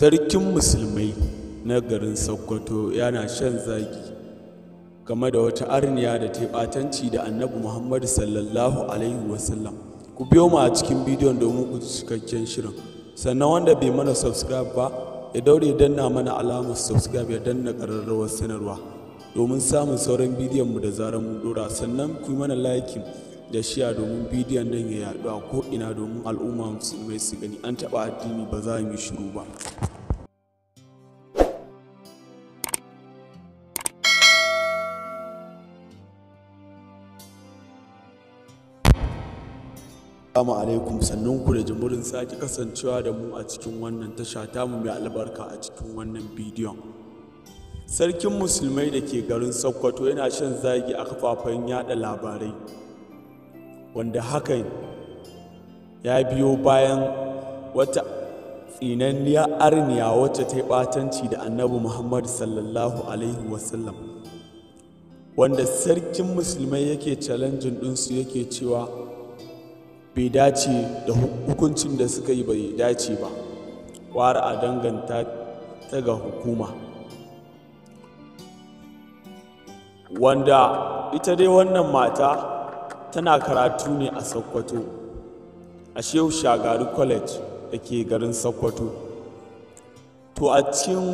tarkin musulmai na garin sokoto yana shan zagi game da wata arniya da ta da annabi muhammadu sallallahu alaihi wasallam ku biyo mu a cikin bidiyon domin ku cikakken shirin sannan wanda bai mana subscribe ba ya daure danna mana alamar subscribe ya danna ƙararrawar sanarwa domin samun sauran bidiyon mu da zarar mu dora sannan ku mana lakin da shiya domin bidiyon nan ya yaɗu a ko'ina domin al'umma musulmai su gani an taɓa addini ba za mu yi shiru ba Assalamu alaikum sannan ku da jimurin sake kasancewa da mu a cikin wannan tasha mu mai albarka a cikin wannan bidiyon. Sarkin musulmai da ke garin Sokoto yana shan zagi a kafafen yada labarai wanda hakan ya biyo bayan wata tsinanniya arniya wacce ta yi ɓatanci da annabi Muhammad sallallahu alaihi wasallam wanda sarkin musulmai yake challenging ɗinsu yake cewa bai dace da hukuncin da suka yi bai dace ba war a danganta ta ga hukuma wanda ita dai wannan mata tana karatu ne a sokoto a shehu shagari college da ke garin sokoto to a cikin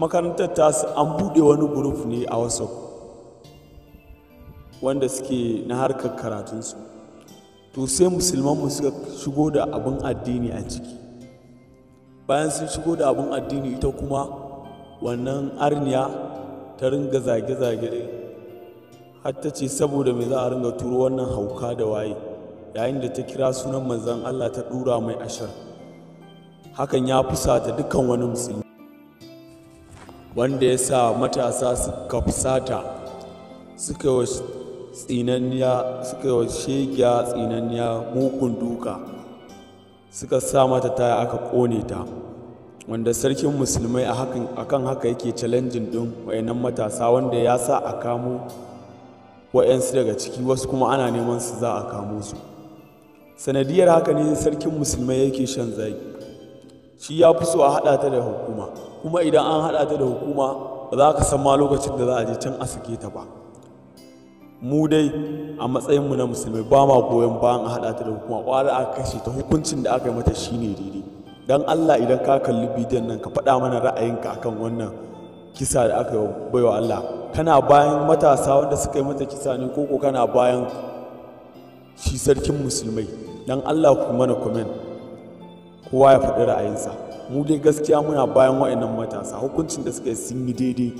makarantar su an buɗe wani guruf ne a wasu wanda suke na harkar karatunsu to sai musulmanmu suka shigo da abin addini a ciki bayan sun shigo da abin addini ita kuma wannan arniya ta ringa zage-zage har hatta ce saboda mai za a ringa turo wannan hauka da waye yayin da ta kira sunan manzan Allah ta ɗura mai ashar hakan ya fusata dukkan wani musulmi wanda ya sa matasa suka fusata suka yi tsinanniya suka yi tsinanniya mugun duka suka sa mata taya aka kone ta wanda sarkin musulmai akan haka yake challenging din wayannan matasa wanda ya sa a kamo wayansu daga ciki wasu kuma ana neman su za a kamo su sanadiyar haka ne sarkin musulmai yake shan zaki shi ya fi so a haɗa ta da hukuma kuma idan an haɗa ta da hukuma ba za ka san ma lokacin da za a je can a sake ta ba mu dai a matsayin mu na musulmai ba ma goyon bayan a haɗa ta da hukuma kwara a kashe ta hukuncin da aka yi mata shine daidai don allah idan ka kalli bidiyon nan ka faɗa mana ra'ayinka akan wannan kisa da aka baiwa allah kana bayan matasa wanda suka yi mata kisa ne koko kana bayan shi sarkin musulmai don allah ku mana kwamen kowa ya faɗi ra'ayinsa mu dai gaskiya muna bayan wa'annan matasa hukuncin da suka yi sun yi daidai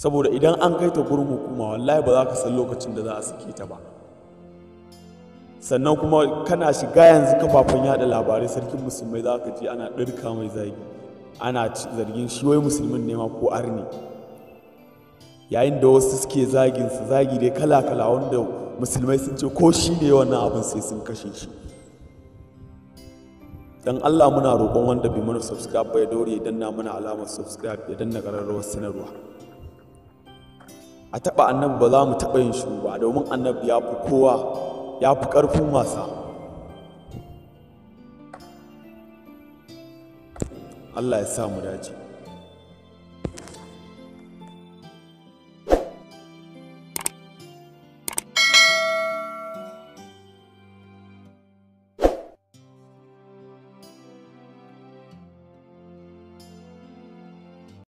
saboda idan an kai ta gurin hukuma wallahi ba za ka san lokacin da za a sake ta ba sannan kuma kana shiga yanzu kafafen yada labarai sarkin musulmai za ka ji ana ɗirka mai zagi ana zargin shi wai musulmin ne ma ko arni yayin da wasu suke zagin su zagi dai kala kala wanda musulmai sun ce ko shi ne wannan abin sai sun kashe shi dan Allah muna roƙon wanda bai mana subscribe ba ya dore ya danna mana alamar subscribe ya danna ƙararrawar sanarwa a taɓa annabi ba za mu taɓa yin shi ba domin annabi ya fi kowa ya fi ƙarfin wasa Allah ya sa mu dace